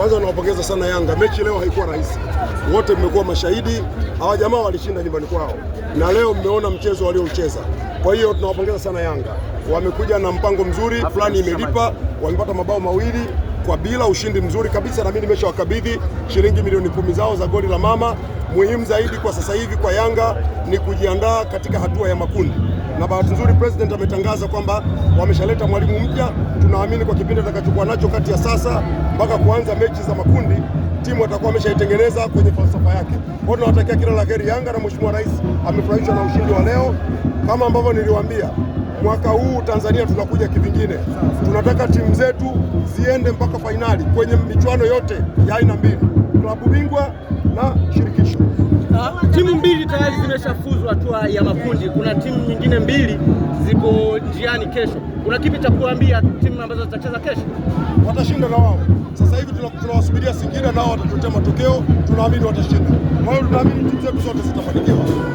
Kwanza nawapongeza sana Yanga, mechi leo haikuwa rahisi, wote mmekuwa mashahidi. Hawa jamaa walishinda nyumbani kwao na leo mmeona mchezo waliocheza. Kwa hiyo tunawapongeza sana Yanga, wamekuja na mpango mzuri fulani, imelipa, wamepata mabao mawili kwa bila ushindi mzuri kabisa, na mimi nimeshawakabidhi shilingi milioni kumi zao za goli la mama. Muhimu zaidi kwa sasa hivi kwa Yanga ni kujiandaa katika hatua ya makundi, na bahati nzuri president ametangaza kwamba wameshaleta mwalimu mpya. Tunaamini kwa kipindi atakachokuwa nacho kati ya sasa mpaka kuanza mechi za makundi timu atakuwa ameshaitengeneza kwenye falsafa yake. Kwa hiyo tunawatakia kila la heri Yanga, na Mheshimiwa Rais amefurahishwa na ushindi wa leo, kama ambavyo niliwaambia Mwaka huu Tanzania tunakuja kivingine, tunataka timu zetu ziende mpaka fainali kwenye michuano yote ya aina mbili, klabu bingwa na shirikisho. timu mbili tayari zimeshafuzwa hatua ya makundi. Kuna timu nyingine mbili ziko njiani kesho. Kuna kipi cha kuambia timu ambazo zitacheza kesho? Watashinda na wao. Sasa hivi tunawasubiria Singida, nao watatuletea matokeo. Tunaamini watashinda. Kwa hiyo tunaamini timu zetu zote zitafanikiwa.